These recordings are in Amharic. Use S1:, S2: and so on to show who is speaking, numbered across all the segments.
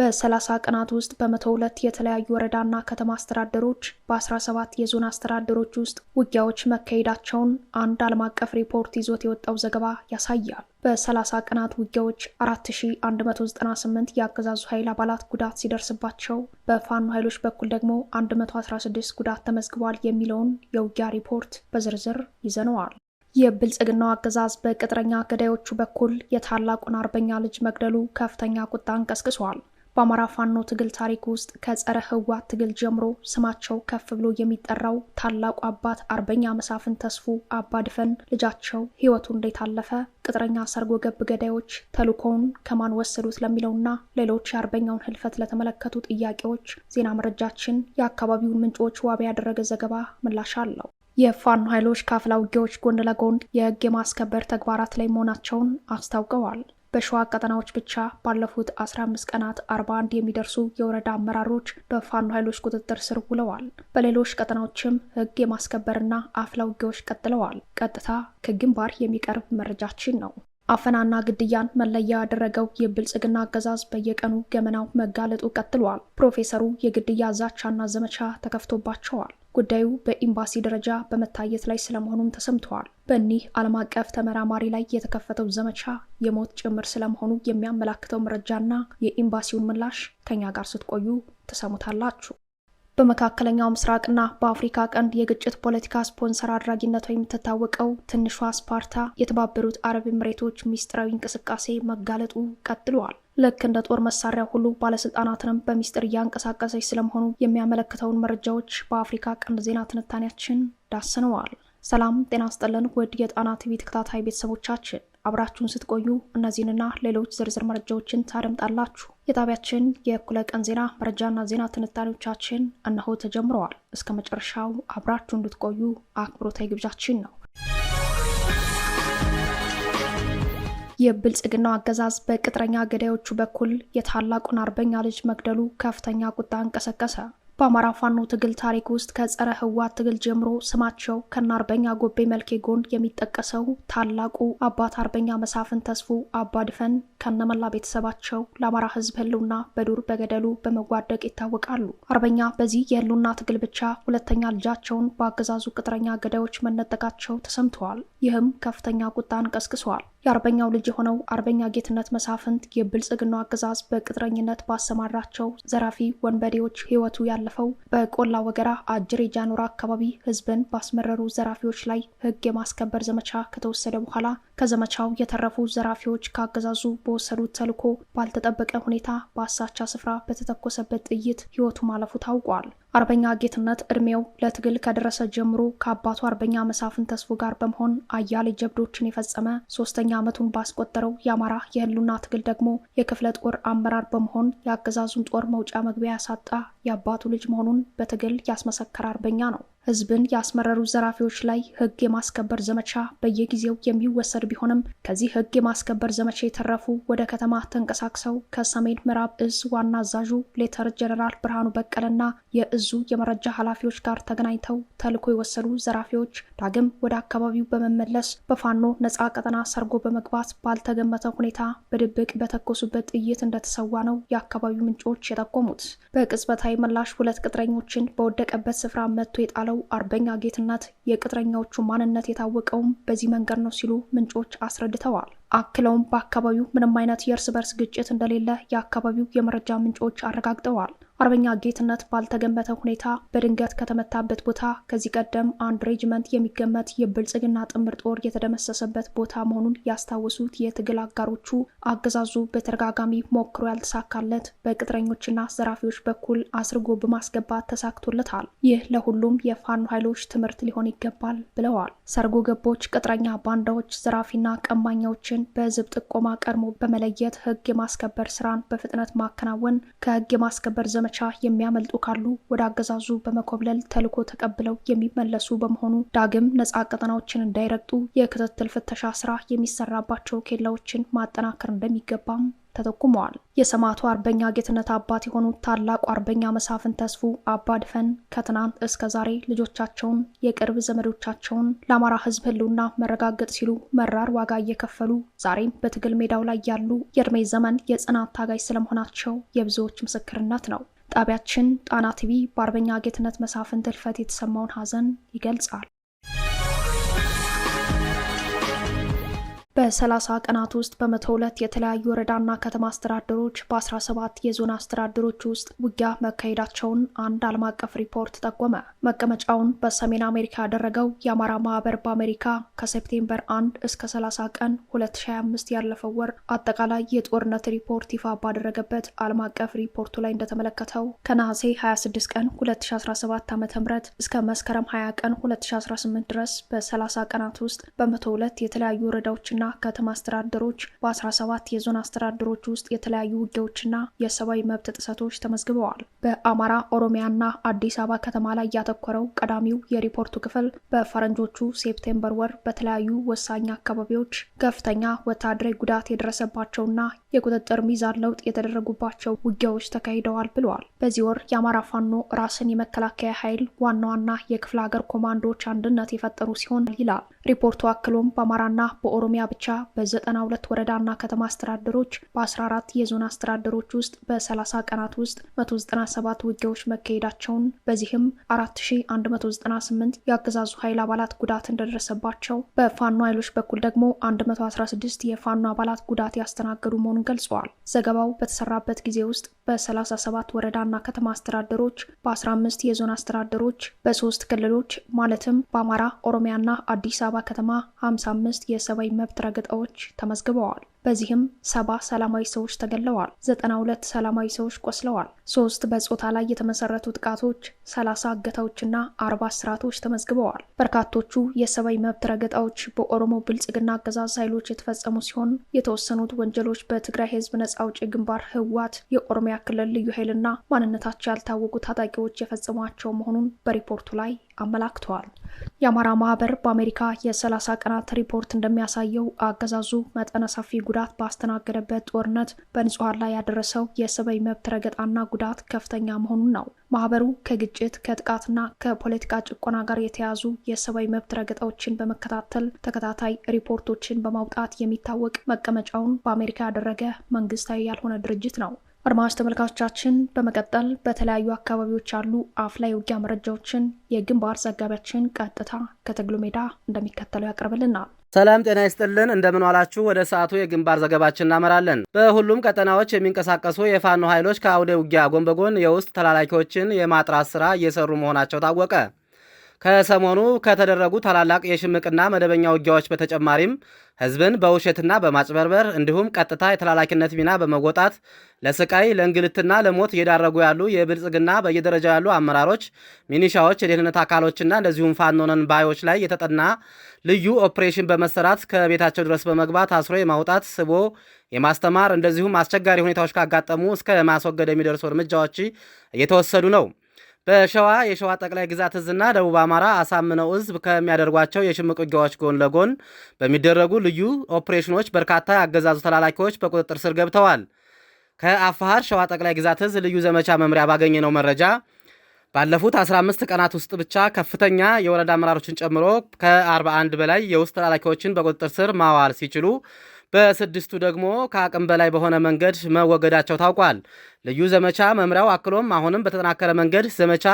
S1: በ30 ቀናት ውስጥ በ102 የተለያዩ ወረዳና ከተማ አስተዳደሮች በ17 የዞን አስተዳደሮች ውስጥ ውጊያዎች መካሄዳቸውን አንድ ዓለም አቀፍ ሪፖርት ይዞት የወጣው ዘገባ ያሳያል። በ30 ቀናት ውጊያዎች 4198 የአገዛዙ ኃይል አባላት ጉዳት ሲደርስባቸው በፋኖ ኃይሎች በኩል ደግሞ 116 ጉዳት ተመዝግቧል የሚለውን የውጊያ ሪፖርት በዝርዝር ይዘነዋል። የብልጽግናው አገዛዝ በቅጥረኛ ገዳዮቹ በኩል የታላቁን አርበኛ ልጅ መግደሉ ከፍተኛ ቁጣን ቀስቅሷል። በአማራ ፋኖ ትግል ታሪክ ውስጥ ከጸረ ህወሓት ትግል ጀምሮ ስማቸው ከፍ ብሎ የሚጠራው ታላቁ አባት አርበኛ መሳፍን ተስፉ አባድፈን ልጃቸው ህይወቱ እንዴት አለፈ፣ ቅጥረኛ ሰርጎ ገብ ገዳዮች ተልእኮውን ከማን ወሰዱት ለሚለውና ሌሎች የአርበኛውን ህልፈት ለተመለከቱ ጥያቄዎች ዜና መረጃችን የአካባቢውን ምንጮች ዋቢ ያደረገ ዘገባ ምላሽ አለው። የፋኖ ኃይሎች ከአፍላ ውጊያዎች ጎን ለጎን የህግ የማስከበር ተግባራት ላይ መሆናቸውን አስታውቀዋል። በሸዋ ቀጠናዎች ብቻ ባለፉት 15 ቀናት 41 የሚደርሱ የወረዳ አመራሮች በፋኖ ኃይሎች ቁጥጥር ስር ውለዋል። በሌሎች ቀጠናዎችም ሕግ የማስከበርና አፍላ ውጊያዎች ቀጥለዋል። ቀጥታ ከግንባር የሚቀርብ መረጃችን ነው። አፈናና ግድያን መለያ ያደረገው የብልጽግና አገዛዝ በየቀኑ ገመናው መጋለጡ ቀጥሏል። ፕሮፌሰሩ የግድያ ዛቻና ዘመቻ ተከፍቶባቸዋል። ጉዳዩ በኤምባሲ ደረጃ በመታየት ላይ ስለመሆኑም ተሰምተዋል። በእኒህ ዓለም አቀፍ ተመራማሪ ላይ የተከፈተው ዘመቻ የሞት ጭምር ስለመሆኑ የሚያመላክተው መረጃና የኤምባሲውን ምላሽ ከኛ ጋር ስትቆዩ ትሰሙታላችሁ። በመካከለኛው ምስራቅና በአፍሪካ ቀንድ የግጭት ፖለቲካ ስፖንሰር አድራጊነቷ የምትታወቀው ትንሿ ስፓርታ የተባበሩት አረብ ኤምሬቶች ሚስጥራዊ እንቅስቃሴ መጋለጡ ቀጥሏል። ልክ እንደ ጦር መሳሪያ ሁሉ ባለስልጣናትንም በሚስጥር እያንቀሳቀሰች ስለመሆኑ የሚያመለክተውን መረጃዎች በአፍሪካ ቀንድ ዜና ትንታኔያችን ዳስነዋል። ሰላም ጤና ስጠለን ውድ የጣና ቲቪ ተከታታይ ቤተሰቦቻችን አብራችሁን ስትቆዩ እነዚህንና ሌሎች ዝርዝር መረጃዎችን ታደምጣላችሁ። የጣቢያችን የእኩለ ቀን ዜና መረጃና ዜና ትንታኔዎቻችን እነሆ ተጀምረዋል። እስከ መጨረሻው አብራችሁ እንድትቆዩ አክብሮታዊ ግብዣችን ነው። የብልጽግናው አገዛዝ በቅጥረኛ ገዳዮቹ በኩል የታላቁን አርበኛ ልጅ መግደሉ ከፍተኛ ቁጣ እንቀሰቀሰ። በአማራ ፋኖ ትግል ታሪክ ውስጥ ከጸረ ህወሓት ትግል ጀምሮ ስማቸው ከነ አርበኛ ጎቤ መልኬ ጎን የሚጠቀሰው ታላቁ አባት አርበኛ መሳፍን ተስፉ አባድፈን ከነመላ ቤተሰባቸው ለአማራ ህዝብ ህልውና በዱር በገደሉ በመጓደቅ ይታወቃሉ። አርበኛ በዚህ የህልውና ትግል ብቻ ሁለተኛ ልጃቸውን በአገዛዙ ቅጥረኛ ገዳዮች መነጠቃቸው ተሰምተዋል። ይህም ከፍተኛ ቁጣን ቀስቅሰዋል። የአርበኛው ልጅ የሆነው አርበኛ ጌትነት መሳፍንት የብልጽግናው አገዛዝ በቅጥረኝነት ባሰማራቸው ዘራፊ ወንበዴዎች ህይወቱ ያለፈው በቆላ ወገራ አጅሬ ጃኖራ አካባቢ ህዝብን ባስመረሩ ዘራፊዎች ላይ ህግ የማስከበር ዘመቻ ከተወሰደ በኋላ ከዘመቻው የተረፉ ዘራፊዎች ከአገዛዙ በወሰዱት ተልዕኮ ባልተጠበቀ ሁኔታ በአሳቻ ስፍራ በተተኮሰበት ጥይት ህይወቱ ማለፉ ታውቋል። አርበኛ ጌትነት እድሜው ለትግል ከደረሰ ጀምሮ ከአባቱ አርበኛ መሳፍን ተስፉ ጋር በመሆን አያሌ ጀብዶችን የፈጸመ ሶስተኛ ዓመቱን ባስቆጠረው የአማራ የህሉና ትግል ደግሞ የክፍለ ጦር አመራር በመሆን የአገዛዙን ጦር መውጫ መግቢያ ያሳጣ የአባቱ ልጅ መሆኑን በትግል ያስመሰከረ አርበኛ ነው። ህዝብን ያስመረሩ ዘራፊዎች ላይ ህግ የማስከበር ዘመቻ በየጊዜው የሚወሰድ ቢሆንም ከዚህ ህግ የማስከበር ዘመቻ የተረፉ ወደ ከተማ ተንቀሳቅሰው ከሰሜን ምዕራብ እዝ ዋና አዛዡ ሌተር ጀነራል ብርሃኑ በቀለና የእዙ የመረጃ ኃላፊዎች ጋር ተገናኝተው ተልዕኮ የወሰዱ ዘራፊዎች ዳግም ወደ አካባቢው በመመለስ በፋኖ ነፃ ቀጠና ሰርጎ በመግባት ባልተገመተ ሁኔታ በድብቅ በተኮሱበት ጥይት እንደተሰዋ ነው የአካባቢው ምንጮች የጠቆሙት። በቅጽበታዊ ምላሽ ሁለት ቅጥረኞችን በወደቀበት ስፍራ መጥቶ የጣለው አርበኛ ጌትነት የቅጥረኛዎቹ ማንነት የታወቀውም በዚህ መንገድ ነው ሲሉ ምንጮች አስረድተዋል። አክለውም በአካባቢው ምንም አይነት የእርስ በርስ ግጭት እንደሌለ የአካባቢው የመረጃ ምንጮች አረጋግጠዋል። አርበኛ ጌትነት ባልተገመተ ሁኔታ በድንገት ከተመታበት ቦታ ከዚህ ቀደም አንድ ሬጅመንት የሚገመት የብልጽግና ጥምር ጦር የተደመሰሰበት ቦታ መሆኑን ያስታወሱት የትግል አጋሮቹ አገዛዙ በተደጋጋሚ ሞክሮ ያልተሳካለት በቅጥረኞችና ዘራፊዎች በኩል አስርጎ በማስገባት ተሳክቶለታል። ይህ ለሁሉም የፋኖ ኃይሎች ትምህርት ሊሆን ይገባል ብለዋል። ሰርጎ ገቦች፣ ቅጥረኛ ባንዳዎች፣ ዘራፊና ቀማኛዎችን በህዝብ ጥቆማ ቀድሞ በመለየት ህግ የማስከበር ስራን በፍጥነት ማከናወን ከህግ የማስከበር ዘመ ዘመቻ የሚያመልጡ ካሉ ወደ አገዛዙ በመኮብለል ተልዕኮ ተቀብለው የሚመለሱ በመሆኑ ዳግም ነጻ ቀጠናዎችን እንዳይረግጡ የክትትል ፍተሻ ስራ የሚሰራባቸው ኬላዎችን ማጠናከር እንደሚገባም ተጠቁመዋል። የሰማዕቱ አርበኛ ጌትነት አባት የሆኑት ታላቁ አርበኛ መሳፍን ተስፉ አባድፈን ከትናንት እስከ ዛሬ ልጆቻቸውን፣ የቅርብ ዘመዶቻቸውን ለአማራ ሕዝብ ህልውና መረጋገጥ ሲሉ መራር ዋጋ እየከፈሉ ዛሬም በትግል ሜዳው ላይ ያሉ የእድሜ ዘመን የጽናት ታጋይ ስለመሆናቸው የብዙዎች ምስክርነት ነው። ጣቢያችን ጣና ቲቪ በአርበኛ ጌትነት መሳፍንት ሕልፈት የተሰማውን ሐዘን ይገልጻል። በ30 ቀናት ውስጥ በመቶ ሁለት የተለያዩ ወረዳና ከተማ አስተዳደሮች በ17 የዞን አስተዳደሮች ውስጥ ውጊያ መካሄዳቸውን አንድ ዓለም አቀፍ ሪፖርት ጠቆመ። መቀመጫውን በሰሜን አሜሪካ ያደረገው የአማራ ማህበር በአሜሪካ ከሴፕቴምበር 1 እስከ 30 ቀን 2025 ያለፈው ወር አጠቃላይ የጦርነት ሪፖርት ይፋ ባደረገበት ዓለም አቀፍ ሪፖርቱ ላይ እንደተመለከተው ከነሐሴ 26 ቀን 2017 ዓ ም እስከ መስከረም 20 ቀን 2018 ድረስ በ30 ቀናት ውስጥ በመቶ ሁለት የተለያዩ ወረዳዎችና ከተማ አስተዳደሮች በ17 የዞን አስተዳደሮች ውስጥ የተለያዩ ውጊያዎችና የሰብአዊ መብት ጥሰቶች ተመዝግበዋል። በአማራ ኦሮሚያና አዲስ አበባ ከተማ ላይ ያተኮረው ቀዳሚው የሪፖርቱ ክፍል በፈረንጆቹ ሴፕቴምበር ወር በተለያዩ ወሳኝ አካባቢዎች ከፍተኛ ወታደራዊ ጉዳት የደረሰባቸውና የቁጥጥር ሚዛን ለውጥ የተደረጉባቸው ውጊያዎች ተካሂደዋል ብለዋል። በዚህ ወር የአማራ ፋኖ ራስን የመከላከያ ኃይል ዋና ዋና የክፍለ ሀገር ኮማንዶዎች አንድነት የፈጠሩ ሲሆን ይላል ሪፖርቱ። አክሎም በአማራና በኦሮሚያ ብቻ በ92 ወረዳና ከተማ አስተዳደሮች በ14 የዞን አስተዳደሮች ውስጥ በ30 ቀናት ውስጥ 197 ውጊያዎች መካሄዳቸውን በዚህም 4198 የአገዛዙ ኃይል አባላት ጉዳት እንደደረሰባቸው በፋኖ ኃይሎች በኩል ደግሞ 116 የፋኖ አባላት ጉዳት ያስተናገዱ መሆኑ መሆኑን ገልጸዋል። ዘገባው በተሰራበት ጊዜ ውስጥ በ37 ወረዳና ከተማ አስተዳደሮች፣ በ15 የዞን አስተዳደሮች፣ በሶስት ክልሎች ማለትም በአማራ ኦሮሚያና አዲስ አበባ ከተማ 55 የሰብአዊ መብት ረገጣዎች ተመዝግበዋል። በዚህም ሰባ ሰላማዊ ሰዎች ተገለዋል፣ ዘጠና ሁለት ሰላማዊ ሰዎች ቆስለዋል። ሶስት በጾታ ላይ የተመሰረቱ ጥቃቶች፣ ሰላሳ እገታዎችና አርባ ስርዓቶች ተመዝግበዋል። በርካቶቹ የሰብአዊ መብት ረገጣዎች በኦሮሞ ብልጽግና አገዛዝ ኃይሎች የተፈጸሙ ሲሆን የተወሰኑት ወንጀሎች በትግራይ ህዝብ ነጻ አውጪ ግንባር ህወሓት፣ የኦሮሚያ ክልል ልዩ ኃይልና ማንነታቸው ያልታወቁ ታጣቂዎች የፈጸሟቸው መሆኑን በሪፖርቱ ላይ አመላክተዋል። የአማራ ማህበር በአሜሪካ የ30 ቀናት ሪፖርት እንደሚያሳየው አገዛዙ መጠነ ሰፊ ጉዳት ባስተናገደበት ጦርነት በንጹሐን ላይ ያደረሰው የሰብአዊ መብት ረገጣና ጉዳት ከፍተኛ መሆኑን ነው። ማህበሩ ከግጭት ከጥቃትና ከፖለቲካ ጭቆና ጋር የተያዙ የሰብአዊ መብት ረገጣዎችን በመከታተል ተከታታይ ሪፖርቶችን በማውጣት የሚታወቅ መቀመጫውን በአሜሪካ ያደረገ መንግስታዊ ያልሆነ ድርጅት ነው። አድማጭ ተመልካቾቻችን በመቀጠል በተለያዩ አካባቢዎች ያሉ አፍላ የውጊያ መረጃዎችን የግንባር ዘጋቢያችን ቀጥታ ከትግሉ ሜዳ እንደሚከተለው ያቀርብልናል።
S2: ሰላም ጤና ይስጥልን፣ እንደምን ዋላችሁ። ወደ ሰዓቱ የግንባር ዘገባችን እናመራለን። በሁሉም ቀጠናዎች የሚንቀሳቀሱ የፋኖ ኃይሎች ከአውደ ውጊያ ጎን በጎን የውስጥ ተላላኪዎችን የማጥራት ስራ እየሰሩ መሆናቸው ታወቀ። ከሰሞኑ ከተደረጉ ታላላቅ የሽምቅና መደበኛ ውጊያዎች በተጨማሪም ህዝብን በውሸትና በማጭበርበር እንዲሁም ቀጥታ የተላላኪነት ሚና በመወጣት ለስቃይ ለእንግልትና ለሞት እየዳረጉ ያሉ የብልጽግና በየደረጃው ያሉ አመራሮች፣ ሚኒሻዎች፣ የደህንነት አካሎችና እንደዚሁም ፋኖነን ባዮች ላይ የተጠና ልዩ ኦፕሬሽን በመሰራት ከቤታቸው ድረስ በመግባት አስሮ የማውጣት ስቦ የማስተማር እንደዚሁም አስቸጋሪ ሁኔታዎች ካጋጠሙ እስከ ማስወገድ የሚደርሱ እርምጃዎች እየተወሰዱ ነው። በሸዋ የሸዋ ጠቅላይ ግዛት እዝና ደቡብ አማራ አሳምነው እዝ ከሚያደርጓቸው የሽምቅ ውጊያዎች ጎን ለጎን በሚደረጉ ልዩ ኦፕሬሽኖች በርካታ የአገዛዙ ተላላኪዎች በቁጥጥር ስር ገብተዋል። ከአፋሃር ሸዋ ጠቅላይ ግዛት እዝ ልዩ ዘመቻ መምሪያ ባገኘነው መረጃ ባለፉት 15 ቀናት ውስጥ ብቻ ከፍተኛ የወረዳ አመራሮችን ጨምሮ ከ41 በላይ የውስጥ ተላላኪዎችን በቁጥጥር ስር ማዋል ሲችሉ በስድስቱ ደግሞ ከአቅም በላይ በሆነ መንገድ መወገዳቸው ታውቋል። ልዩ ዘመቻ መምሪያው አክሎም አሁንም በተጠናከረ መንገድ ዘመቻ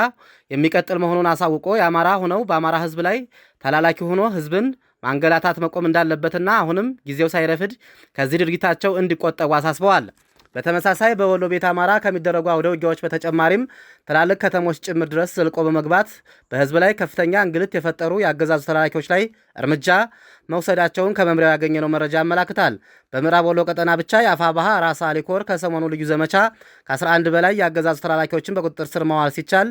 S2: የሚቀጥል መሆኑን አሳውቆ የአማራ ሆነው በአማራ ህዝብ ላይ ተላላኪ ሆኖ ህዝብን ማንገላታት መቆም እንዳለበትና አሁንም ጊዜው ሳይረፍድ ከዚህ ድርጊታቸው እንዲቆጠቡ አሳስበዋል። በተመሳሳይ በወሎ ቤት አማራ ከሚደረጉ አውደ ውጊያዎች በተጨማሪም ትላልቅ ከተሞች ጭምር ድረስ ዘልቆ በመግባት በህዝብ ላይ ከፍተኛ እንግልት የፈጠሩ የአገዛዙ ተላላኪዎች ላይ እርምጃ መውሰዳቸውን ከመምሪያው ያገኘነው መረጃ ያመላክታል። በምዕራብ ወሎ ቀጠና ብቻ የአፋባሃ ራሳ አሊኮር ከሰሞኑ ልዩ ዘመቻ ከ11 በላይ የአገዛዙ ተላላኪዎችን በቁጥጥር ስር መዋል ሲቻል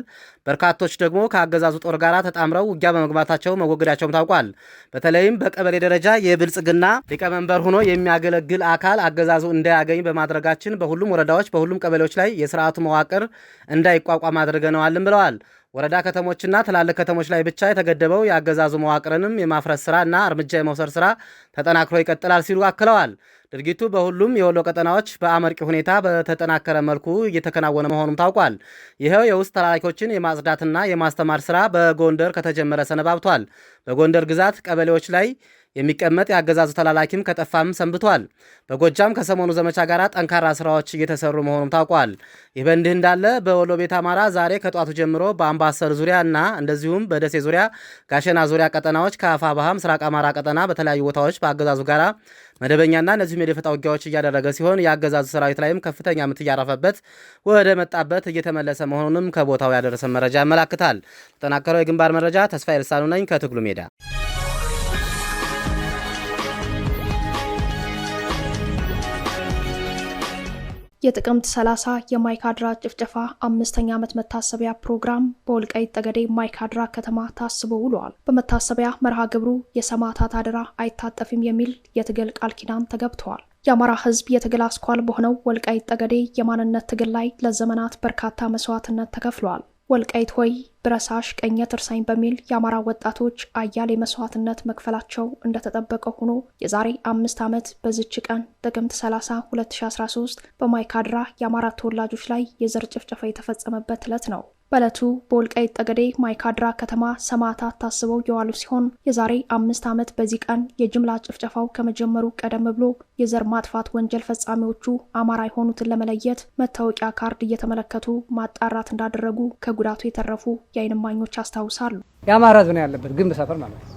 S2: በርካቶች ደግሞ ከአገዛዙ ጦር ጋር ተጣምረው ውጊያ በመግባታቸው መወገዳቸውም ታውቋል። በተለይም በቀበሌ ደረጃ የብልጽግና ሊቀመንበር ሆኖ የሚያገለግል አካል አገዛዙ እንዳያገኝ በማድረጋችን በሁሉም ወረዳዎች፣ በሁሉም ቀበሌዎች ላይ የስርዓቱ መዋቅር እንዳይቋቋ አድርገ አድርገነዋልን ብለዋል። ወረዳ ከተሞችና ትላልቅ ከተሞች ላይ ብቻ የተገደበው የአገዛዙ መዋቅርንም የማፍረስ ስራ እና እርምጃ የመውሰድ ስራ ተጠናክሮ ይቀጥላል ሲሉ አክለዋል። ድርጊቱ በሁሉም የወሎ ቀጠናዎች በአመርቂ ሁኔታ በተጠናከረ መልኩ እየተከናወነ መሆኑም ታውቋል። ይኸው የውስጥ ተላላኪዎችን የማጽዳትና የማስተማር ስራ በጎንደር ከተጀመረ ሰነባብቷል። በጎንደር ግዛት ቀበሌዎች ላይ የሚቀመጥ የአገዛዙ ተላላኪም ከጠፋም ሰንብቷል። በጎጃም ከሰሞኑ ዘመቻ ጋር ጠንካራ ስራዎች እየተሰሩ መሆኑም ታውቋል። ይህ በእንዲህ እንዳለ በወሎ ቤት አማራ ዛሬ ከጧቱ ጀምሮ በአምባሰል ዙሪያ እና እንደዚሁም በደሴ ዙሪያ፣ ጋሸና ዙሪያ ቀጠናዎች ከአፋ ባህም ስራቅ አማራ ቀጠና በተለያዩ ቦታዎች በአገዛዙ ጋር መደበኛና እነዚሁም የደፈጣ ውጊያዎች እያደረገ ሲሆን የአገዛዙ ሰራዊት ላይም ከፍተኛ ምት እያረፈበት ወደ መጣበት እየተመለሰ መሆኑንም ከቦታው ያደረሰ መረጃ ያመላክታል። ተጠናከረው የግንባር መረጃ ተስፋ የልሳኑ ነኝ ከትግሉ ሜዳ
S1: የጥቅምት 30 የማይካድራ ጭፍጨፋ አምስተኛ ዓመት መታሰቢያ ፕሮግራም በወልቃይት ጠገዴ ማይካድራ ከተማ ታስቦ ውሏል። በመታሰቢያ መርሃ ግብሩ የሰማዕታት አደራ አይታጠፍም የሚል የትግል ቃል ኪዳን ተገብተዋል። የአማራ ሕዝብ የትግል አስኳል በሆነው ወልቃይት ጠገዴ የማንነት ትግል ላይ ለዘመናት በርካታ መስዋዕትነት ተከፍሏል። ወልቃይት ሆይ ብረሳሽ ቀኘ ትርሳኝ በሚል የአማራ ወጣቶች አያሌ መስዋዕትነት መክፈላቸው እንደተጠበቀ ሆኖ የዛሬ አምስት ዓመት በዝች ቀን ጥቅምት 30 2013 በማይካድራ የአማራ ተወላጆች ላይ የዘር ጭፍጨፋ የተፈጸመበት ዕለት ነው። በዕለቱ በወልቃይት ጠገዴ ማይካድራ ከተማ ሰማዕታት ታስበው የዋሉ ሲሆን የዛሬ አምስት ዓመት በዚህ ቀን የጅምላ ጭፍጨፋው ከመጀመሩ ቀደም ብሎ የዘር ማጥፋት ወንጀል ፈጻሚዎቹ አማራ የሆኑትን ለመለየት መታወቂያ ካርድ እየተመለከቱ ማጣራት እንዳደረጉ ከጉዳቱ የተረፉ የዓይን እማኞች አስታውሳሉ።
S3: የአማራ ህዝብ ነው ያለበት ግንብ ሰፈር ማለት ነው።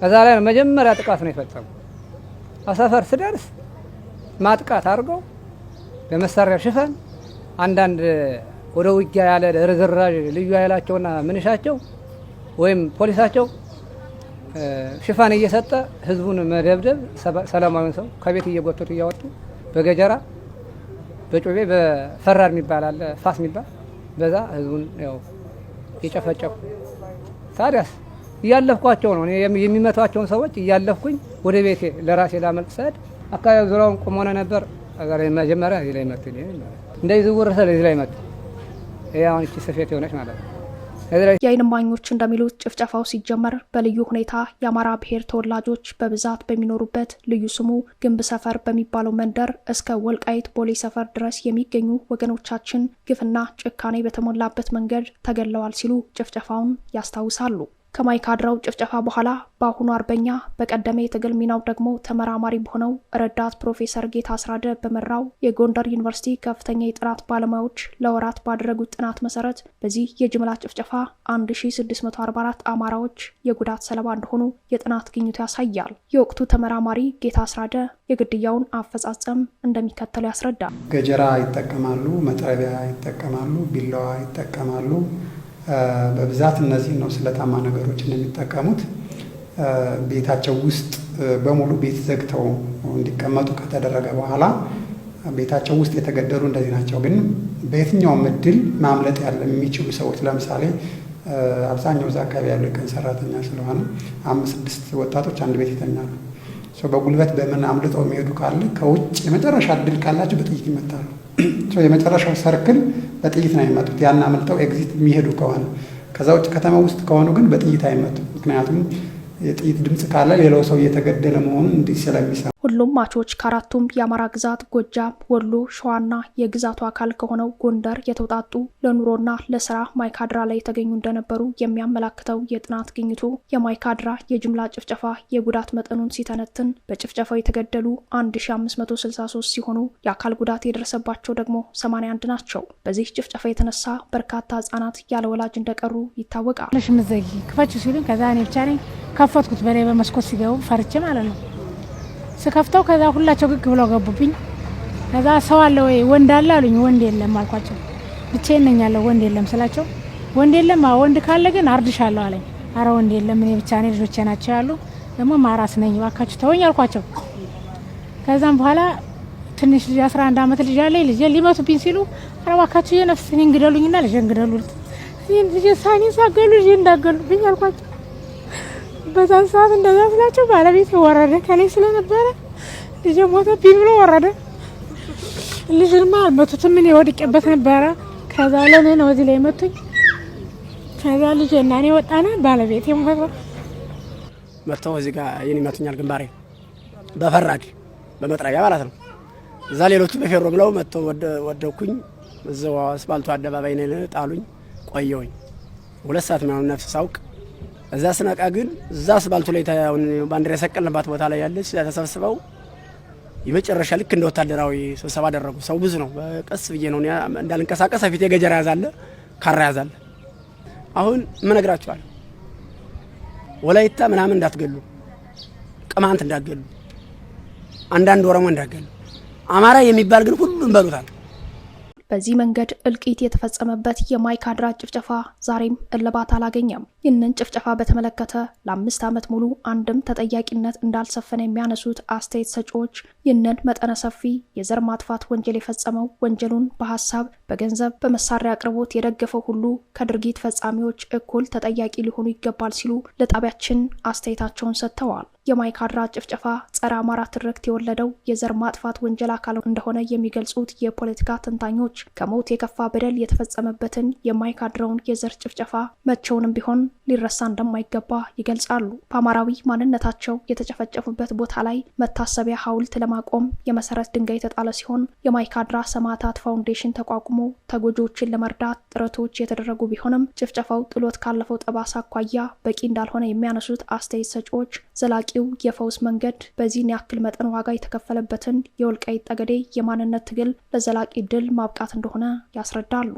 S3: ከዛ ላይ መጀመሪያ ጥቃት ነው የፈጸሙ። ሰፈር ስደርስ ማጥቃት አድርገው በመሳሪያ ሽፈን አንዳንድ ወደ ውጊያ ያለ ርዝራዥ ልዩ ኃይላቸውና ምንሻቸው ወይም ፖሊሳቸው ሽፋን እየሰጠ ህዝቡን መደብደብ፣ ሰላማዊን ሰው ከቤት እየጎተቱ እያወጡ በገጀራ በጩቤ በፈራር የሚባል አለ ፋስ የሚባል በዛ ህዝቡን ያው የጨፈጨፉ። ታዲያስ እያለፍኳቸው ነው የሚመቷቸውን ሰዎች እያለፍኩኝ ወደ ቤቴ ለራሴ ላመልጥ ስሄድ አካባቢ ዙሪያውን ቁም ሆነ ነበር። መጀመሪያ እዚህ ላይ መጡ፣ እንደዚህ ዝውር ስለ እዚህ ላይ መጡ። አሁን እቺ ስፌት የሆነች ማለት ነው።
S1: የዓይን እንደሚሉት ጭፍጨፋው ሲጀመር በልዩ ሁኔታ የአማራ ብሔር ተወላጆች በብዛት በሚኖሩበት ልዩ ስሙ ግንብ ሰፈር በሚባለው መንደር እስከ ወልቃይት ቦሌ ሰፈር ድረስ የሚገኙ ወገኖቻችን ግፍና ጭካኔ በተሞላበት መንገድ ተገለዋል ሲሉ ጭፍጨፋውን ያስታውሳሉ። ከማይካድራው ጭፍጨፋ በኋላ በአሁኑ አርበኛ በቀደመ የትግል ሚናው ደግሞ ተመራማሪ በሆነው ረዳት ፕሮፌሰር ጌታ አስራደ በመራው የጎንደር ዩኒቨርሲቲ ከፍተኛ የጥናት ባለሙያዎች ለወራት ባደረጉት ጥናት መሰረት በዚህ የጅምላ ጭፍጨፋ 1644 አማራዎች የጉዳት ሰለባ እንደሆኑ የጥናት ግኝቱ ያሳያል። የወቅቱ ተመራማሪ ጌታ አስራደ የግድያውን አፈጻጸም እንደሚከተለው ያስረዳል።
S4: ገጀራ ይጠቀማሉ፣ መጥረቢያ ይጠቀማሉ፣ ቢላዋ ይጠቀማሉ በብዛት እነዚህ ነው ስለታማ ነገሮችን የሚጠቀሙት። ቤታቸው ውስጥ በሙሉ ቤት ዘግተው እንዲቀመጡ ከተደረገ በኋላ ቤታቸው ውስጥ የተገደሉ እንደዚህ ናቸው። ግን በየትኛውም እድል ማምለጥ ያለ የሚችሉ ሰዎች ለምሳሌ አብዛኛው እዛ አካባቢ ያሉ የቀን ሰራተኛ ስለሆነ አምስት ስድስት ወጣቶች አንድ ቤት ይተኛሉ። ሰው በጉልበት በምን አምልጠው የሚሄዱ ካለ ከውጭ የመጨረሻ እድል ካላቸው በጥይት ይመታሉ። የመጨረሻው ሰርክል በጥይት ነው የሚመጡት ያን አምልጠው ኤግዚት የሚሄዱ ከሆነ ከዛ ውጭ ከተማ ውስጥ ከሆኑ ግን በጥይት አይመጡ። ምክንያቱም የጥይት ድምፅ ካለ ሌላው ሰው እየተገደለ መሆኑን እንዲህ ስለሚሰማ
S1: ሁሉም ማቾች ከአራቱም የአማራ ግዛት ጎጃም፣ ወሎ፣ ሸዋና የግዛቱ አካል ከሆነው ጎንደር የተውጣጡ ለኑሮና ለስራ ማይካድራ ላይ የተገኙ እንደነበሩ የሚያመላክተው የጥናት ግኝቱ የማይካድራ የጅምላ ጭፍጨፋ የጉዳት መጠኑን ሲተነትን በጭፍጨፋው የተገደሉ 1563 ሲሆኑ የአካል ጉዳት የደረሰባቸው ደግሞ 81 ናቸው። በዚህ ጭፍጨፋ የተነሳ በርካታ ህጻናት ያለ ወላጅ እንደቀሩ ይታወቃል።
S5: ከፈትኩት በላይ በመስኮት ሲገቡ ፈርቼ ማለት ነው። ስከፍተው ከዛ ሁላቸው ግግ ብለው ገቡብኝ። ከዛ ሰው አለ ወይ ወንድ አለ አሉኝ። ወንድ የለም አልኳቸው። ብቻዬን ነኝ ወንድ የለም ስላቸው፣ ወንድ የለም ወንድ ካለ ግን አርድሻለሁ አለኝ። አረ ወንድ የለም እኔ ብቻ እኔ ልጆቼ ናቸው ያሉ ደግሞ ማራስ ነኝ ባካችሁ ተወኝ አልኳቸው። ከዛም በኋላ ትንሽ ልጅ 11 ዓመት ልጅ አለኝ ልጄ ሊመቱብኝ ሲሉ አረ ባካችሁ የነፍስ እኔን ግደሉኝና ልጄን ግደሉት ልጄ ሳኒ ሳገሉ ልጄ እንዳገሉብኝ አልኳቸው። በዛን ሰዓት እንደዛ ስላቸው ባለቤት ወረደ ከኔ ስለነበረ ልጅ ሞተ ቢል ብሎ ወረደ። ልጅማ አልመቱትም፣ እኔ ወድቄበት ነበረ። ከዛ ለእኔ ነው እዚህ ላይ መቱኝ። ከዛ ልጅ እና እኔ ወጣነ ባለቤት ሞተ።
S6: መጥተው እዚህ ጋር ይህን ይመቱኛል፣ ግንባሬ በፈራድ በመጥረቢያ ማለት ነው። እዛ ሌሎቹ በፌሮ ብለው መጥተው ወደኩኝ። እዛው አስፋልቱ አደባባይ ነን ጣሉኝ፣ ቆየውኝ ሁለት ሰዓት ምናምን ነፍስ ሳውቅ እዛ ስነቃ ግን እዛ አስፋልቱ ላይ ባንዲራ የሰቀልንባት ቦታ ላይ ያለች ተሰብስበው የመጨረሻ ልክ እንደ ወታደራዊ ስብሰባ አደረጉ። ሰው ብዙ ነው። ቀስ ብዬ ነው እንዳልንቀሳቀስ ፊት የገጀራ ያዛለ ካራ ያዛለ። አሁን ምነግራቸዋል ወላይታ ምናምን እንዳትገሉ፣ ቅማንት እንዳትገሉ፣ አንዳንድ ኦሮሞ እንዳትገሉ፣ አማራ የሚባል ግን ሁሉም በሉታል።
S1: በዚህ መንገድ እልቂት የተፈጸመበት የማይካድራ ጭፍጨፋ ዛሬም እልባት አላገኘም። ይህንን ጭፍጨፋ በተመለከተ ለአምስት ዓመት ሙሉ አንድም ተጠያቂነት እንዳልሰፈነ የሚያነሱት አስተያየት ሰጪዎች ይህንን መጠነ ሰፊ የዘር ማጥፋት ወንጀል የፈጸመው ወንጀሉን በሀሳብ በገንዘብ፣ በመሳሪያ አቅርቦት የደገፈው ሁሉ ከድርጊት ፈጻሚዎች እኩል ተጠያቂ ሊሆኑ ይገባል ሲሉ ለጣቢያችን አስተያየታቸውን ሰጥተዋል። የማይካድራ ጭፍጨፋ ጸረ አማራ ትርክት የወለደው የዘር ማጥፋት ወንጀል አካል እንደሆነ የሚገልጹት የፖለቲካ ተንታኞች ከሞት የከፋ በደል የተፈጸመበትን የማይካድራውን የዘር ጭፍጨፋ መቼውንም ቢሆን ሊረሳ እንደማይገባ ይገልጻሉ። በአማራዊ ማንነታቸው የተጨፈጨፉበት ቦታ ላይ መታሰቢያ ሐውልት ለማቆም የመሰረት ድንጋይ የተጣለ ሲሆን የማይካድራ ሰማዕታት ፋውንዴሽን ተቋቁሞ ተጎጂዎችን ለመርዳት ጥረቶች የተደረጉ ቢሆንም ጭፍጨፋው ጥሎት ካለፈው ጠባሳ አኳያ በቂ እንዳልሆነ የሚያነሱት አስተያየት ሰጪዎች ዘላቂው የፈውስ መንገድ በዚህን ያክል መጠን ዋጋ የተከፈለበትን የወልቃይት ጠገዴ የማንነት ትግል ለዘላቂ ድል ማብቃት እንደሆነ ያስረዳሉ።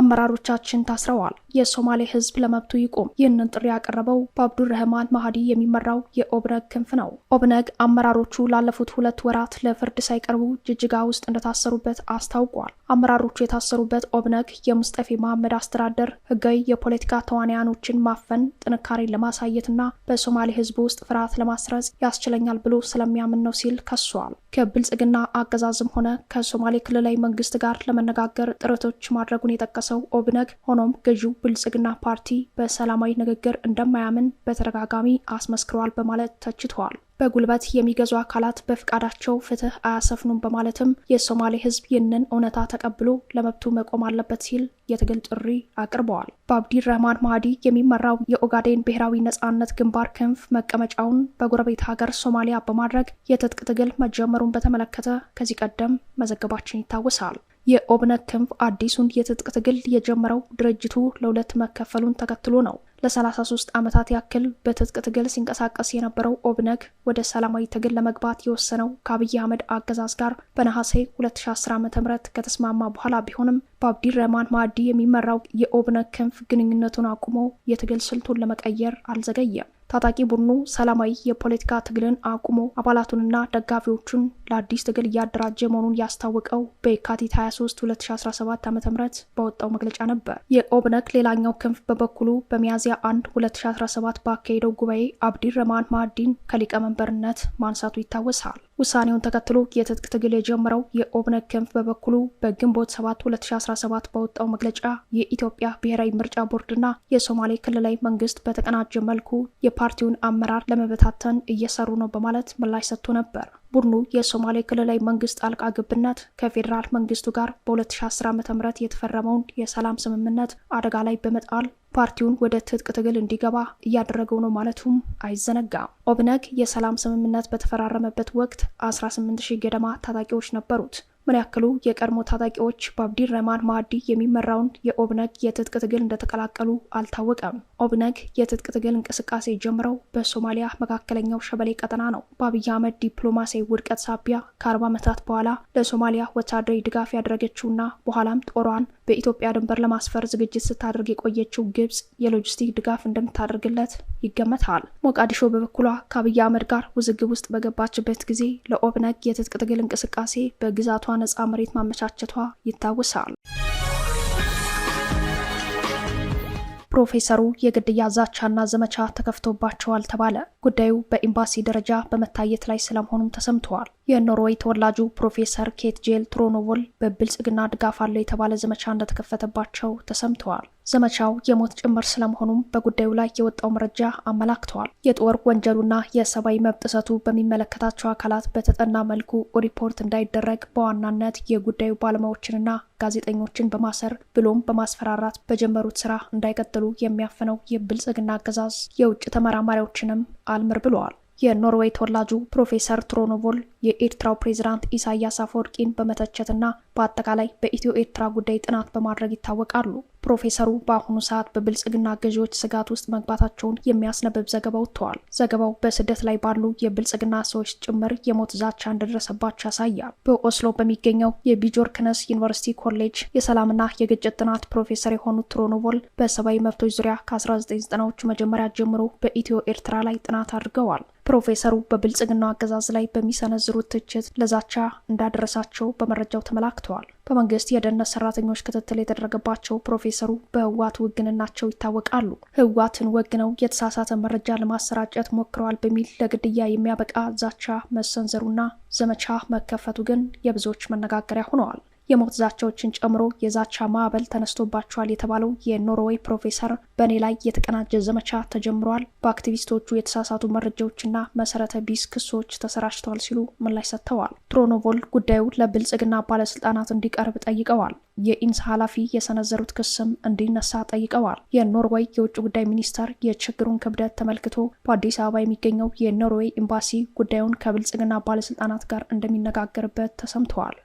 S1: አመራሮቻችን ታስረዋል። የሶማሌ ህዝብ ለመብቱ ይቁም። ይህንን ጥሪ ያቀረበው በአብዱረህማን ማሃዲ የሚመራው የኦብነግ ክንፍ ነው። ኦብነግ አመራሮቹ ላለፉት ሁለት ወራት ለፍርድ ሳይቀርቡ ጅጅጋ ውስጥ እንደታሰሩበት አስታውቋል። አመራሮቹ የታሰሩበት ኦብነግ የሙስጠፌ መሐመድ አስተዳደር ህጋዊ የፖለቲካ ተዋንያኖችን ማፈን ጥንካሬን ለማሳየትና በሶማሌ ህዝብ ውስጥ ፍርሃት ለማስረጽ ያስችለኛል ብሎ ስለሚያምን ነው ሲል ከሷል። ከብልጽግና አገዛዝም ሆነ ከሶማሌ ክልላዊ መንግስት ጋር ለመነጋገር ጥረቶች ማድረጉን የጠቀ የጠቀሰው ኦብነግ ሆኖም ገዢው ብልጽግና ፓርቲ በሰላማዊ ንግግር እንደማያምን በተደጋጋሚ አስመስክረዋል በማለት ተችተዋል። በጉልበት የሚገዙ አካላት በፍቃዳቸው ፍትህ አያሰፍኑም በማለትም የሶማሌ ሕዝብ ይህንን እውነታ ተቀብሎ ለመብቱ መቆም አለበት ሲል የትግል ጥሪ አቅርበዋል። ረህማን ማህዲ የሚመራው የኦጋዴን ብሔራዊ ነጻነት ግንባር ክንፍ መቀመጫውን በጎረቤት ሀገር ሶማሊያ በማድረግ የትጥቅ ትግል መጀመሩን በተመለከተ ከዚህ ቀደም መዘገባችን ይታወሳል። የኦብነግ ክንፍ አዲሱን የትጥቅ ትግል የጀመረው ድርጅቱ ለሁለት መከፈሉን ተከትሎ ነው። ለ33 ዓመታት ያክል በትጥቅ ትግል ሲንቀሳቀስ የነበረው ኦብነግ ወደ ሰላማዊ ትግል ለመግባት የወሰነው ከአብይ አህመድ አገዛዝ ጋር በነሐሴ 2010 ዓ ም ከተስማማ በኋላ ቢሆንም በአብዲረህማን ማዕዲ የሚመራው የኦብነግ ክንፍ ግንኙነቱን አቁሞ የትግል ስልቱን ለመቀየር አልዘገየም። ታጣቂ ቡድኑ ሰላማዊ የፖለቲካ ትግልን አቁሞ አባላቱንና ደጋፊዎቹን ለአዲስ ትግል እያደራጀ መሆኑን ያስታወቀው በየካቲት 23 2017 ዓ ም በወጣው መግለጫ ነበር። የኦብነግ ሌላኛው ክንፍ በበኩሉ በሚያዝያ 1 2017 ባካሄደው ጉባኤ አብዲር ረማን ማዕዲን ከሊቀመንበርነት ማንሳቱ ይታወሳል። ውሳኔውን ተከትሎ የትጥቅ ትግል የጀመረው የኦብነግ ክንፍ በበኩሉ በግንቦት 7 2017 በወጣው መግለጫ የኢትዮጵያ ብሔራዊ ምርጫ ቦርድና የሶማሌ ክልላዊ መንግስት በተቀናጀ መልኩ የፓርቲውን አመራር ለመበታተን እየሰሩ ነው በማለት ምላሽ ሰጥቶ ነበር። ቡድኑ የሶማሌ ክልላዊ መንግስት ጣልቃ ግብነት ከፌዴራል መንግስቱ ጋር በ2010 ዓ ም የተፈረመውን የሰላም ስምምነት አደጋ ላይ በመጣል ፓርቲውን ወደ ትጥቅ ትግል እንዲገባ እያደረገው ነው ማለቱም አይዘነጋም። ኦብነግ የሰላም ስምምነት በተፈራረመበት ወቅት 18 ገደማ ታጣቂዎች ነበሩት። ምን ያክሉ የቀድሞ ታጣቂዎች ረማን ማዕዲ የሚመራውን የኦብነግ የትጥቅ ትግል እንደተቀላቀሉ አልታወቀም። ኦብነግ የትጥቅ ትግል እንቅስቃሴ ጀምረው በሶማሊያ መካከለኛው ሸበሌ ቀጠና ነው። በአብይ አህመድ ዲፕሎማሲያዊ ውድቀት ሳቢያ ከአርባ ዓመታት በኋላ ለሶማሊያ ወታደራዊ ድጋፍ ያደረገችውና በኋላም ጦሯን በኢትዮጵያ ድንበር ለማስፈር ዝግጅት ስታደርግ የቆየችው ግብጽ የሎጂስቲክ ድጋፍ እንደምታደርግለት ይገመታል። ሞቃዲሾ በበኩሏ ከአብይ አህመድ ጋር ውዝግብ ውስጥ በገባችበት ጊዜ ለኦብነግ የትጥቅ ትግል እንቅስቃሴ በግዛቷ ነፃ መሬት ማመቻቸቷ ይታወሳል። ፕሮፌሰሩ የግድያ ዛቻና ዘመቻ ተከፍቶባቸዋል ተባለ። ጉዳዩ በኤምባሲ ደረጃ በመታየት ላይ ስለመሆኑም ተሰምተዋል። የኖርዌይ ተወላጁ ፕሮፌሰር ኬት ጄል ትሮኖቮል በብልጽግና ድጋፍ አለው የተባለ ዘመቻ እንደተከፈተባቸው ተሰምተዋል። ዘመቻው የሞት ጭምር ስለመሆኑም በጉዳዩ ላይ የወጣው መረጃ አመላክተዋል። የጦር ወንጀሉና የሰብአዊ መብት ጥሰቱ በሚመለከታቸው አካላት በተጠና መልኩ ሪፖርት እንዳይደረግ በዋናነት የጉዳዩ ባለሙያዎችንና ጋዜጠኞችን በማሰር ብሎም በማስፈራራት በጀመሩት ስራ እንዳይቀጥሉ የሚያፍነው የብልጽግና አገዛዝ የውጭ ተመራማሪዎችንም አልምር ብለዋል። የኖርዌይ ተወላጁ ፕሮፌሰር ትሮኖቮል የኤርትራው ፕሬዝዳንት ኢሳያስ አፈወርቂን በመተቸትና በአጠቃላይ በኢትዮ ኤርትራ ጉዳይ ጥናት በማድረግ ይታወቃሉ። ፕሮፌሰሩ በአሁኑ ሰዓት በብልጽግና ገዢዎች ስጋት ውስጥ መግባታቸውን የሚያስነብብ ዘገባ ወጥተዋል። ዘገባው በስደት ላይ ባሉ የብልጽግና ሰዎች ጭምር የሞት ዛቻ እንደደረሰባቸው ያሳያል። በኦስሎ በሚገኘው የቢጆርክነስ ዩኒቨርሲቲ ኮሌጅ የሰላምና የግጭት ጥናት ፕሮፌሰር የሆኑት ትሮኖቮል በሰብአዊ መብቶች ዙሪያ ከ1990ዎቹ መጀመሪያ ጀምሮ በኢትዮ ኤርትራ ላይ ጥናት አድርገዋል። ፕሮፌሰሩ በብልጽግናው አገዛዝ ላይ በሚሰነዝሩት ትችት ለዛቻ እንዳደረሳቸው በመረጃው ተመላክተዋል። በመንግስት የደህንነት ሰራተኞች ክትትል የተደረገባቸው ፕሮፌሰሩ በህዋት ውግንናቸው ይታወቃሉ። ህዋትን ወግነው የተሳሳተ መረጃ ለማሰራጨት ሞክረዋል በሚል ለግድያ የሚያበቃ ዛቻ መሰንዘሩና ዘመቻ መከፈቱ ግን የብዙዎች መነጋገሪያ ሆነዋል። የሞት ዛቻዎችን ጨምሮ የዛቻ ማዕበል ተነስቶባቸዋል የተባለው የኖርዌይ ፕሮፌሰር በእኔ ላይ የተቀናጀ ዘመቻ ተጀምረዋል፣ በአክቲቪስቶቹ የተሳሳቱ መረጃዎችና መሰረተ ቢስ ክሶች ተሰራጭተዋል ሲሉ ምላሽ ሰጥተዋል። ትሮኖቮል ጉዳዩ ለብልጽግና ባለስልጣናት እንዲቀርብ ጠይቀዋል። የኢንሳ ኃላፊ የሰነዘሩት ክስም እንዲነሳ ጠይቀዋል። የኖርዌይ የውጭ ጉዳይ ሚኒስተር የችግሩን ክብደት ተመልክቶ በአዲስ አበባ የሚገኘው የኖርዌይ ኤምባሲ ጉዳዩን ከብልጽግና ባለስልጣናት ጋር እንደሚነጋገርበት ተሰምተዋል።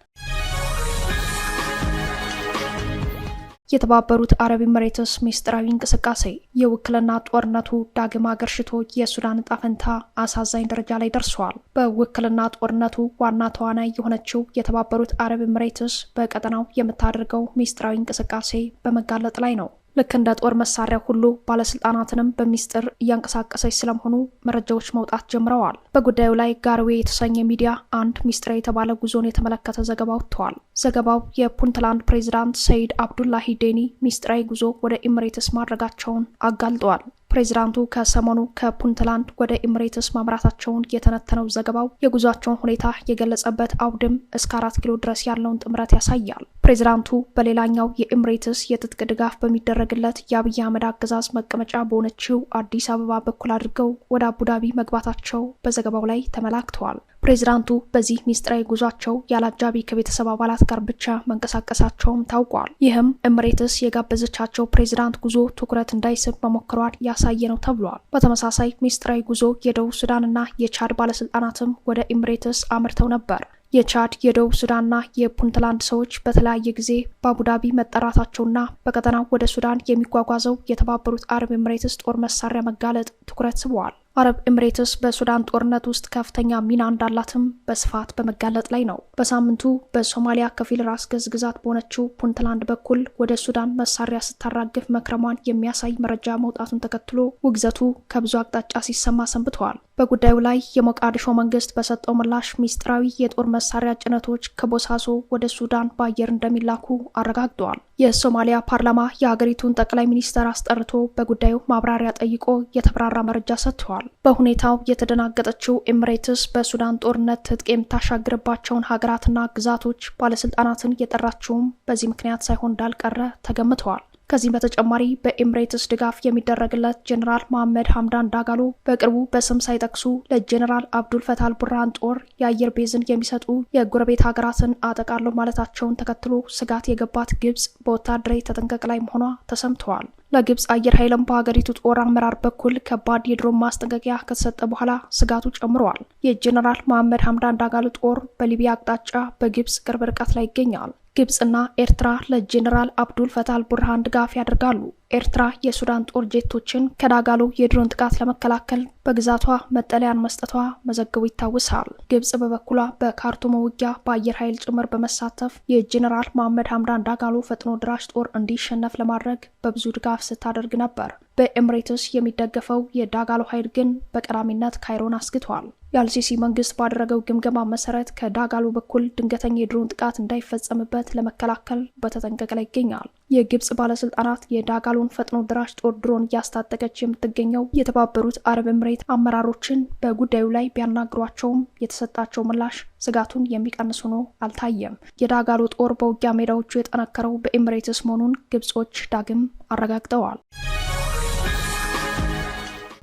S1: የተባበሩት አረብ ኤምሬትስ ሚስጥራዊ እንቅስቃሴ የውክልና ጦርነቱ ዳግም አገርሽቶ የሱዳን ዕጣ ፈንታ አሳዛኝ ደረጃ ላይ ደርሰዋል። በውክልና ጦርነቱ ዋና ተዋናይ የሆነችው የተባበሩት አረብ ኤምሬትስ በቀጠናው የምታደርገው ሚስጥራዊ እንቅስቃሴ በመጋለጥ ላይ ነው። ልክ እንደ ጦር መሳሪያ ሁሉ ባለስልጣናትንም በሚስጥር እያንቀሳቀሰች ስለመሆኑ መረጃዎች መውጣት ጀምረዋል። በጉዳዩ ላይ ጋርዌ የተሰኘ ሚዲያ አንድ ሚስጥር የተባለ ጉዞን የተመለከተ ዘገባ አውጥተዋል። ዘገባው የፑንትላንድ ፕሬዚዳንት ሰይድ አብዱላሂ ዴኒ ሚስጥራዊ ጉዞ ወደ ኢምሬትስ ማድረጋቸውን አጋልጠዋል። ፕሬዚዳንቱ ከሰሞኑ ከፑንትላንድ ወደ ኢምሬትስ ማምራታቸውን የተነተነው ዘገባው የጉዟቸውን ሁኔታ የገለጸበት አውድም እስከ አራት ኪሎ ድረስ ያለውን ጥምረት ያሳያል። ፕሬዚዳንቱ በሌላኛው የኢምሬትስ የትጥቅ ድጋፍ በሚደረግለት የአብይ አህመድ አገዛዝ መቀመጫ በሆነችው አዲስ አበባ በኩል አድርገው ወደ አቡዳቢ መግባታቸው በዘገባው ላይ ተመላክተዋል። ፕሬዚዳንቱ በዚህ ሚስጥራዊ ጉዟቸው ያለ አጃቢ ከቤተሰብ አባላት ጋር ብቻ መንቀሳቀሳቸውም ታውቋል። ይህም እምሬትስ የጋበዘቻቸው ፕሬዚዳንት ጉዞ ትኩረት እንዳይስብ መሞከሯን ያሳየ ነው ተብሏል። በተመሳሳይ ሚስጥራዊ ጉዞ የደቡብ ሱዳንና የቻድ ባለስልጣናትም ወደ ኢምሬትስ አምርተው ነበር። የቻድ የደቡብ ሱዳንና የፑንትላንድ ሰዎች በተለያየ ጊዜ በአቡዳቢ መጠራታቸውና በቀጠናው ወደ ሱዳን የሚጓጓዘው የተባበሩት አረብ ኤምሬትስ ጦር መሳሪያ መጋለጥ ትኩረት ስበዋል። አረብ ኤምሬትስ በሱዳን ጦርነት ውስጥ ከፍተኛ ሚና እንዳላትም በስፋት በመጋለጥ ላይ ነው። በሳምንቱ በሶማሊያ ከፊል ራስ ገዝ ግዛት በሆነችው ፑንትላንድ በኩል ወደ ሱዳን መሳሪያ ስታራግፍ መክረሟን የሚያሳይ መረጃ መውጣቱን ተከትሎ ውግዘቱ ከብዙ አቅጣጫ ሲሰማ ሰንብተዋል። በጉዳዩ ላይ የሞቃዲሾ መንግስት በሰጠው ምላሽ ሚስጥራዊ የጦር መሳሪያ ጭነቶች ከቦሳሶ ወደ ሱዳን በአየር እንደሚላኩ አረጋግጠዋል። የሶማሊያ ፓርላማ የሀገሪቱን ጠቅላይ ሚኒስተር አስጠርቶ በጉዳዩ ማብራሪያ ጠይቆ የተብራራ መረጃ ሰጥተዋል። በሁኔታው የተደናገጠችው ኤምሬትስ በሱዳን ጦርነት ትጥቅ የምታሻግርባቸውን ሀገራትና ግዛቶች ባለስልጣናትን የጠራችውም በዚህ ምክንያት ሳይሆን እንዳልቀረ ተገምተዋል። ከዚህም በተጨማሪ በኤምሬትስ ድጋፍ የሚደረግለት ጀኔራል መሐመድ ሀምዳን ዳጋሎ በቅርቡ በስም ሳይጠቅሱ ለጀኔራል አብዱል ፈታል ቡርሃን ጦር የአየር ቤዝን የሚሰጡ የጎረቤት ሀገራትን አጠቃለሁ ማለታቸውን ተከትሎ ስጋት የገባት ግብጽ በወታደራዊ ተጠንቀቅ ላይ መሆኗ ተሰምተዋል። ለግብጽ አየር ኃይልም በሀገሪቱ ጦር አመራር በኩል ከባድ የድሮን ማስጠንቀቂያ ከተሰጠ በኋላ ስጋቱ ጨምረዋል። የጀኔራል መሐመድ ሀምዳን ዳጋሎ ጦር በሊቢያ አቅጣጫ በግብጽ ቅርብ ርቀት ላይ ይገኛል። ግብጽና ኤርትራ ለጄኔራል አብዱል ፈታል ቡርሃን ድጋፍ ያደርጋሉ። ኤርትራ የሱዳን ጦር ጄቶችን ከዳጋሎ የድሮን ጥቃት ለመከላከል በግዛቷ መጠለያን መስጠቷ መዘገቡ ይታወሳል። ግብጽ በበኩሏ በካርቱም ውጊያ በአየር ኃይል ጭምር በመሳተፍ የጄኔራል መሐመድ ሀምዳን ዳጋሎ ፈጥኖ ድራሽ ጦር እንዲሸነፍ ለማድረግ በብዙ ድጋፍ ስታደርግ ነበር። በኤምሬትስ የሚደገፈው የዳጋሎ ኃይል ግን በቀዳሚነት ካይሮን አስግቷል። የአልሲሲ መንግስት ባደረገው ግምገማ መሰረት ከዳጋሎ በኩል ድንገተኛ የድሮን ጥቃት እንዳይፈጸምበት ለመከላከል በተጠንቀቅ ላይ ይገኛል። የግብጽ ባለስልጣናት የዳጋሎን ፈጥኖ ድራሽ ጦር ድሮን እያስታጠቀች የምትገኘው የተባበሩት አረብ ኤምሬት አመራሮችን በጉዳዩ ላይ ቢያናግሯቸውም የተሰጣቸው ምላሽ ስጋቱን የሚቀንስ ሆኖ አልታየም። የዳጋሎ ጦር በውጊያ ሜዳዎቹ የጠነከረው በኤምሬትስ መሆኑን ግብጾች ዳግም አረጋግጠዋል።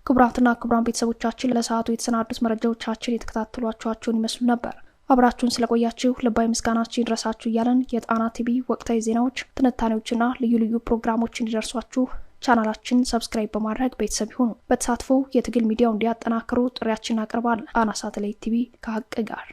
S1: ክቡራትና ክቡራን ቤተሰቦቻችን ለሰዓቱ የተሰናዱት መረጃዎቻችን የተከታተሏቸኋቸውን ይመስሉ ነበር። አብራችሁን ስለቆያችሁ ልባዊ ምስጋናችን ይድረሳችሁ እያለን የጣና ቲቪ ወቅታዊ ዜናዎች፣ ትንታኔዎችና ልዩ ልዩ ፕሮግራሞች እንዲደርሷችሁ ቻናላችን ሰብስክራይብ በማድረግ ቤተሰብ ይሁኑ። በተሳትፎ የትግል ሚዲያው እንዲያጠናክሩ ጥሪያችን አቅርባል። ጣና ሳተላይት ቲቪ ከሀቅ ጋር